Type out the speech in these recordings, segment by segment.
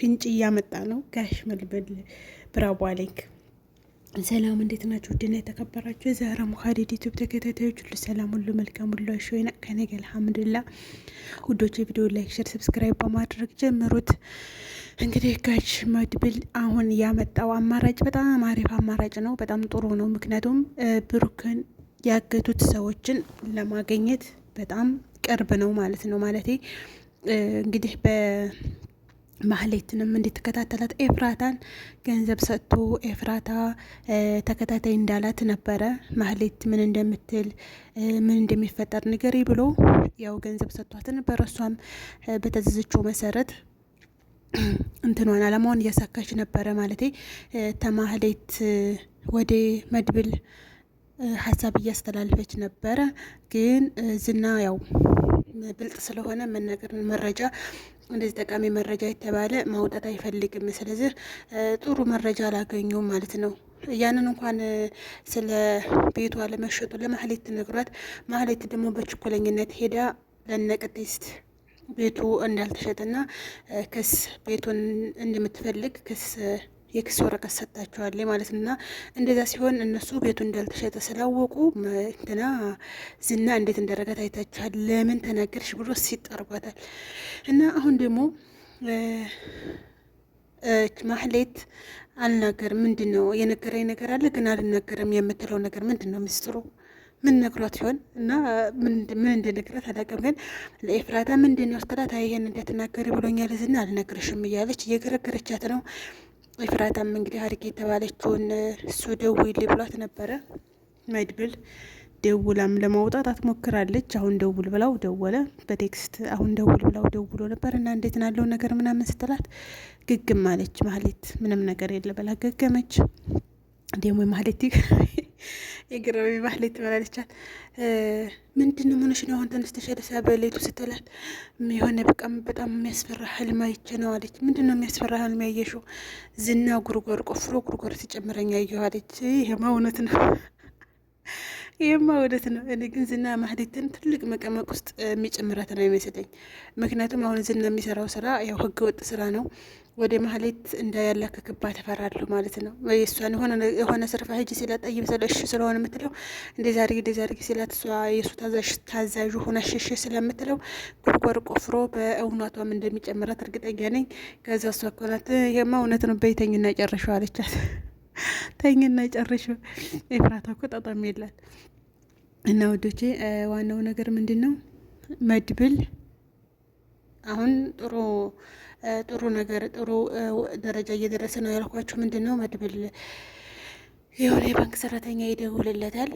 ፍንጭ እያመጣ ነው። ጋሽ መልበል ብራቦ አሌክ ሰላም እንዴት ናችሁ? ውድና የተከበራችሁ የዛህራ ሙሀዲድ ዩቱብ ተከታታዮች ሁሉ ሰላም ሁሉ መልካም ሁሉ ሸወይና ከነገ አልሐምዱላ ውዶች፣ የቪዲዮ ላይክ፣ ሸር፣ ሰብስክራይብ በማድረግ ጀምሩት። እንግዲህ ጋሽ መድብል አሁን ያመጣው አማራጭ በጣም አሪፍ አማራጭ ነው። በጣም ጥሩ ነው። ምክንያቱም ብሩክን ያገቱት ሰዎችን ለማገኘት በጣም ቅርብ ነው ማለት ነው። ማለት እንግዲህ በ ማህሌትንም እንድትከታተላት ኤፍራታን ገንዘብ ሰጥቶ ኤፍራታ ተከታታይ እንዳላት ነበረ። ማህሌት ምን እንደምትል ምን እንደሚፈጠር ንገሪ ብሎ ያው ገንዘብ ሰጥቷት ነበረ። እሷም በተዘዘችው መሰረት እንትኗን አላማዋን እያሳካች ነበረ። ማለቴ ተማህሌት ወደ መድብል ሀሳብ እያስተላለፈች ነበረ። ግን ዝና ያው ብልጥ ስለሆነ መናገር መረጃ እንደዚህ ጠቃሚ መረጃ የተባለ ማውጣት አይፈልግም። ስለዚህ ጥሩ መረጃ አላገኙም ማለት ነው። ያንን እንኳን ስለ ቤቷ ለመሸጡ ለማህሌት ትነግሯት፣ ማህሌት ደግሞ በችኮለኝነት ሄዳ ለነቅድስት ቤቱ እንዳልተሸጠና ክስ ቤቱን እንደምትፈልግ ክስ የክስ ወረቀት ሰጣቸዋለ ማለት እና እንደዛ ሲሆን እነሱ ቤቱ እንዳልተሸጠ ስላወቁ እንትና ዝና እንዴት እንደረገ አይታችኋል። ለምን ተናገርሽ ብሎ ሲጠርጓታል። እና አሁን ደግሞ ማህሌት አልናገርም ምንድን ነው የነገረኝ ነገር አለ ግን አልናገርም የምትለው ነገር ምንድን ነው ሚስጥሩ? ምን ነግሯት ይሆን እና ምን እንደነግራት አላውቅም። ግን ለኤፍራታ ምንድን ነው ስትላት ይሄን እንዳትናገሪ ብሎኛል ዝና አልነግርሽም እያለች እየገረገረቻት ነው ኤፍራታም እንግዲህ ሀርጌ የተባለችውን እሱ ደውይልኝ ብሏት ነበረ። መድብል ደውላም ለማውጣት አትሞክራለች። አሁን ደውል ብላው ደወለ በቴክስት አሁን ደውል ብላው ደውሎ ነበር እና እንዴት ናለው ነገር ምናምን ስትላት ግግም አለች። ማህሌት ምንም ነገር የለ ብላ ገገመች። ደግሞ ማህሌት የግረቤ ባህል ትበላለቻል። ምንድን ነው ምንሽ ነው አሁን ተነስተሽ ደሳ በሌቱ ስትላት የሆነ በቃም በጣም የሚያስፈራ ህልም አይቼ ነው አለች። ምንድን ነው የሚያስፈራ ህልም ያየሽው? ዝና ጉርጓር ቆፍሮ ጉርጓር ሲጨምረኝ ያየሁ አለች። ይሄማ እውነት ነው። ይህማ እውነት ነው። እኔ ግን ዝና ማህሌትን ትልቅ መቀመቅ ውስጥ የሚጨምራት ነው የሚመስለኝ። ምክንያቱም አሁን ዝና የሚሰራው ስራ ያው ህገ ወጥ ስራ ነው። ወደ ማህሌት እንዳያላክክባት እፈራለሁ ማለት ነው። እሷን የሆነ ስርፋ ሂጂ ሲላት ጠይብ እሺ ስለሆነ የምትለው እንደዛ አድርጊ እንደዛ አድርጊ ሲላት እሷ የእሱ ታዛዥ ሆና ሸሽ ስለምትለው ጉድጓድ ቆፍሮ በእውነቷም እንደሚጨምራት እርግጠኛ ነኝ። ከዛ እሷ እኮ ይህማ እውነት ነው በይተኝና ጨርሸው አለቻት። ተኝና ጨርሸው ኤፍራታ እኮ ጣጣም የላት እና ወዶቼ ዋናው ነገር ምንድን ነው? መድብል አሁን ጥሩ ጥሩ ነገር ጥሩ ደረጃ እየደረሰ ነው ያልኳችሁ ምንድን ነው መድብል የሆነ የባንክ ሰራተኛ ይደውልለታል።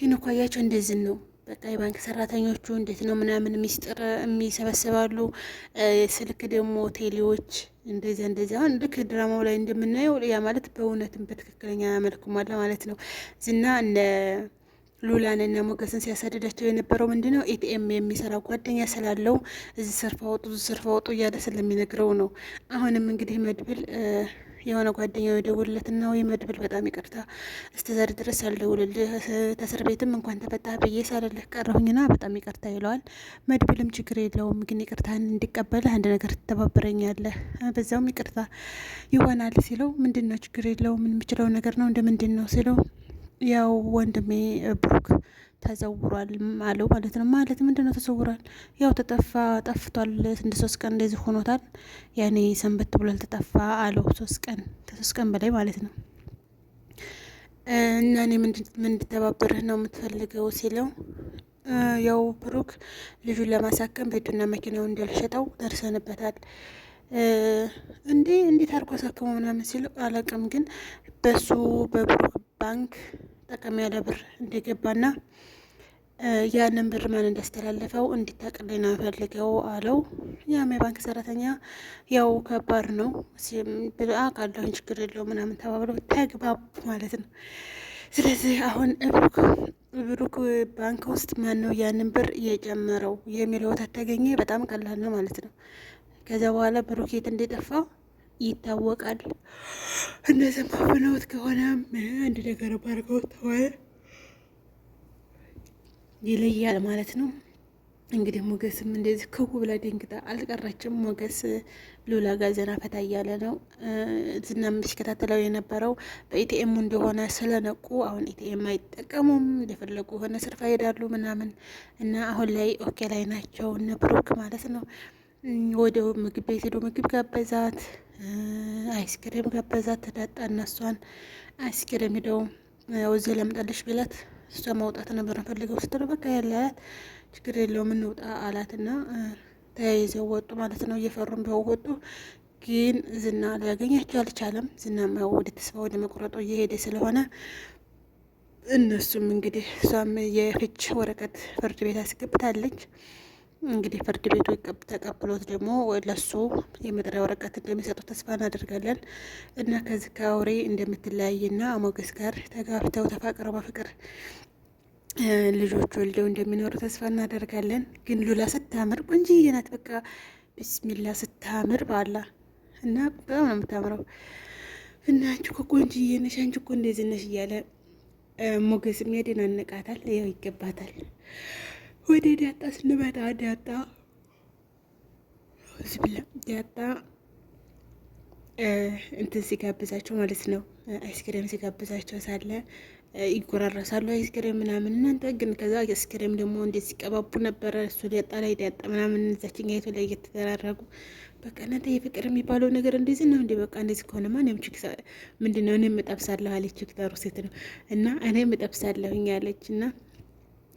ግን እኮ አያቸው እንደዚህ ነው በቃ የባንክ ሰራተኞቹ እንዴት ነው ምናምን ሚስጥር የሚሰበስባሉ። ስልክ ደግሞ ቴሌዎች እንደዚ እንደዚ አሁን ልክ ድራማው ላይ እንደምናየው ያ ማለት በእውነትም በትክክለኛ መልኩ ማለት ነው ዝና ሉላን እና ሞገስን ሲያሳድዳቸው የነበረው ምንድ ነው? ኤቲኤም የሚሰራ ጓደኛ ስላለው እዚህ ሰርፋ ወጡ፣ እዚህ ሰርፋ ወጡ እያለ ስለሚነግረው ነው። አሁንም እንግዲህ መድብል የሆነ ጓደኛ ጓደኛው ና ወይ መድብል በጣም ይቅርታ፣ እስከዛሬ ድረስ አልደውልልህ ተስር ቤትም እንኳን ተፈታህ ብዬ ሳልልህ ቀረሁኝና በጣም ይቅርታ ይለዋል። መድብልም ችግር የለውም ግን ይቅርታህን እንዲቀበልህ አንድ ነገር ትተባበረኛለህ፣ በዛውም ይቅርታ ይሆናል ሲለው ምንድን ነው ችግር የለውም የምችለው ነገር ነው እንደ ምንድን ነው ሲለው ያው ወንድሜ ብሩክ ተዘውሯል አለው ማለት ነው። ማለት ምንድን ነው ተዘውሯል? ያው ተጠፋ ጠፍቷል። እንደ ሶስት ቀን እንደዚህ ሆኖታል። ያኔ ሰንበት ብሏል ተጠፋ አለው። ሶስት ቀን ከሶስት ቀን በላይ ማለት ነው። እና እኔ ምን ነው የምትፈልገው ሲለው ያው ብሩክ ልጁን ለማሳከም ቤቱና መኪናው እንዳልሸጠው ደርሰንበታል። እንዴ እንዴት አርጎ አሳክሞ ምናምን ሲለው አላቅም፣ ግን በሱ በብሩክ ባንክ ጠቀም ያለ ብር እንደገባና ያንን ብር ማን እንዳስተላለፈው እንዲታቅልን ፈልገው አለው። ያም የባንክ ሰራተኛ ያው ከባድ ነው ብላ ካለሁን ችግር የለው ምናምን ተባብለው ተግባቡ ማለት ነው። ስለዚህ አሁን እብሩክ ብሩክ ባንክ ውስጥ ማን ነው ያንን ብር እየጨመረው የሚለው ተገኘ፣ በጣም ቀላል ነው ማለት ነው። ከዚያ በኋላ ብሩክ የት እንደጠፋው ይታወቃል። እነዚህም ብለውት ከሆነ አንድ ነገር ባርገው ከሆነ ይለያል ማለት ነው። እንግዲህ ሞገስም እንደዚህ ክው ብላ ደንግጣ አልቀረችም። ሞገስ ሉላ ጋር ዘና ፈታ እያለ ነው። ዝና የሚከታተለው የነበረው በኢቲኤሙ እንደሆነ ስለነቁ አሁን ኢቲኤም አይጠቀሙም፣ እንደፈለጉ ሆነ ስርፋ ይሄዳሉ ምናምን እና አሁን ላይ ኦኬ ላይ ናቸው እነ ብሩክ ማለት ነው። ወደ ምግብ ቤት ሄዶ ምግብ ጋበዛት፣ አይስክሬም ጋበዛት። ተዳጣ እነሷን አይስክሬም ሄደው ወዜ ለምጣልሽ ብላት እሷ ማውጣት ነበር ፈልገው ስትል በቃ ያለ አላት። ችግር የለውም እንውጣ አላትና ተያይዘው ወጡ ማለት ነው። እየፈሩም ቢሆን ወጡ። ግን ዝና ሊያገኛቸው አልቻለም። ዝና ወደ ተስፋ ወደ መቁረጦ እየሄደ ስለሆነ እነሱም እንግዲህ እሷም የፍች ወረቀት ፍርድ ቤት አስገብታለች። እንግዲህ ፍርድ ቤቱ ተቀብሎት ደግሞ ለሱ የመጥሪያ ወረቀት እንደሚሰጡ ተስፋ እናደርጋለን እና ከዚህ ከአውሬ እንደምትለያይና ሞገስ ጋር ተጋብተው ተፋቅረው በፍቅር ልጆች ወልደው እንደሚኖሩ ተስፋ እናደርጋለን። ግን ሉላ ስታምር ቆንጅዬ ናት። በቃ ብስሚላ ስታምር ባላ እና በጣም ነው የምታምረው። እና አንቺ እኮ ቆንጅዬ ነሽ፣ አንቺ እኮ እንደዚህ ነሽ እያለ ሞገስም ያደናንቃታል። ያው ይገባታል ወደ ዳጣ ስንመጣ ዳጣ ብላ ዳጣ እንትን ሲጋብዛቸው ማለት ነው አይስክሬም ሲጋብዛቸው ሳለ ይጎራረሳሉ አይስክሬም ምናምን እናንተ ግን ከዛ አይስክሬም ደግሞ እንዴት ሲቀባቡ ነበረ። እሱ ዳጣ ላይ ዳጣ ምናምን እዛችን ጋይቶ ላይ እየተደራረጉ በቃ እናንተ የፍቅር የሚባለው ነገር እንደዚህ ነው እንዴ? በቃ እንደዚህ እኔም እኔም እጠብሳለሁ አለች። ሴት ነው እና እኔም እጠብሳለሁኝ አለች እና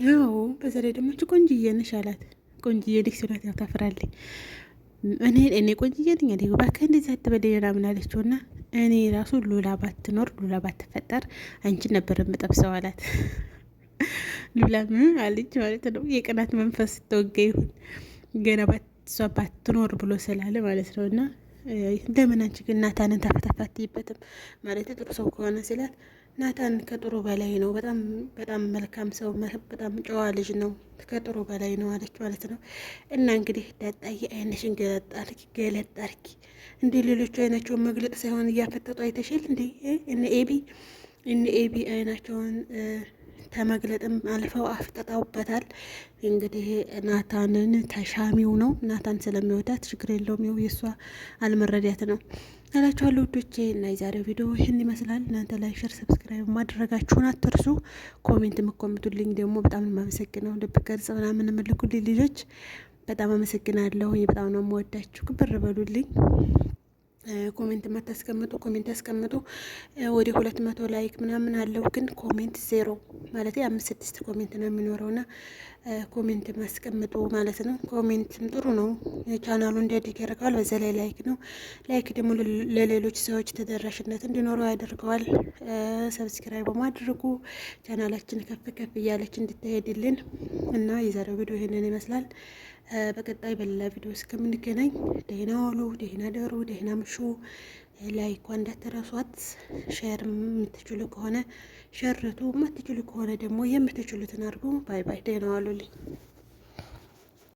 አዎ በዛ ላይ ደግሞ ቆንጅዬ ነሽ አላት። ቆንጅዬ ልጅ ስላት ያው ታፍራለች። እኔ እኔ ቆንጅዬ ነኝ አለ እባክህ እንደዚህ አትበለኝ ምናምን አለችውና እኔ ራሱ ሉላ ባትኖር ሉላ ባትፈጠር አንቺን ነበር የምጠብሰው አላት። ሉላ ምን አለች ማለት ነው። የቅናት መንፈስ ስትወጋ ይሁን ገና እሷ ባትኖር ብሎ ስላለ ማለት ነው እና እንደምን አንቺ ግን እናታንን ታፈታፋትይበትም ማለት ጥሩ ሰው ከሆነ ስላት ናታን ከጥሩ በላይ ነው። በጣም በጣም መልካም ሰው፣ በጣም ጨዋ ልጅ ነው። ከጥሩ በላይ ነው አለች ማለት ነው። እና እንግዲህ ዳጣዬ አይነሽን ገለጥ አድርጊ፣ እንደ ሌሎቹ አይናቸውን መግለጥ ሳይሆን እያፈጠጡ አይተሽል እንደ እነ ኤቢ እነ ኤቢ አይናቸውን ተመግለጥም አልፈው አፍጠጣውበታል። እንግዲህ ናታንን ተሻሚው ነው ናታን ስለሚወዳት ችግር የለውም። የእሷ አልመረዳት ነው እላችኋለሁ ውዶቼ እና የዛሬው ቪዲዮ ይህን ይመስላል። እናንተ ላይ ሸር፣ ሰብስክራይብ ማድረጋችሁን አትርሱ። ኮሜንት የምትኮምቱልኝ ደግሞ በጣም የማመሰግነው ልብ ቅርጽ ምናምን የምልኩልኝ ልጆች በጣም አመሰግናለሁ። በጣም ነው የምወዳችሁ። ክብር በሉልኝ። ኮሜንት የማታስቀምጡ ኮሜንት ያስቀምጡ። ወደ ሁለት መቶ ላይክ ምናምን አለው፣ ግን ኮሜንት ዜሮ ማለት አምስት ስድስት ኮሜንት ነው የሚኖረውና ኮሜንት ማስቀምጡ ማለት ነው። ኮሜንትም ጥሩ ነው፣ ቻናሉ እንዲያድግ ያደርገዋል። በዛ ላይ ላይክ ነው። ላይክ ደግሞ ለሌሎች ሰዎች ተደራሽነት እንዲኖረው ያደርገዋል። ሰብስክራይብ በማድረጉ ቻናላችን ከፍ ከፍ እያለች እንድትሄድልን እና የዛሬው ቪዲዮ ይህንን ይመስላል። በቀጣይ በሌላ ቪዲዮ እስከምንገናኝ ደህና ዋሉ፣ ደህና ደሩ፣ ደህና ምሹ። ላይኳ እንዳትረሷት። ሸር የምትችሉ ከሆነ ሸርቱ፣ የምትችሉ ከሆነ ደግሞ የምትችሉትን አድርጉ። ባይ ባይ፣ ደህና ዋሉልኝ።